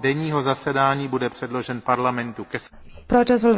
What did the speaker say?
denního zasedání bude předložen parlamentu ke Procesul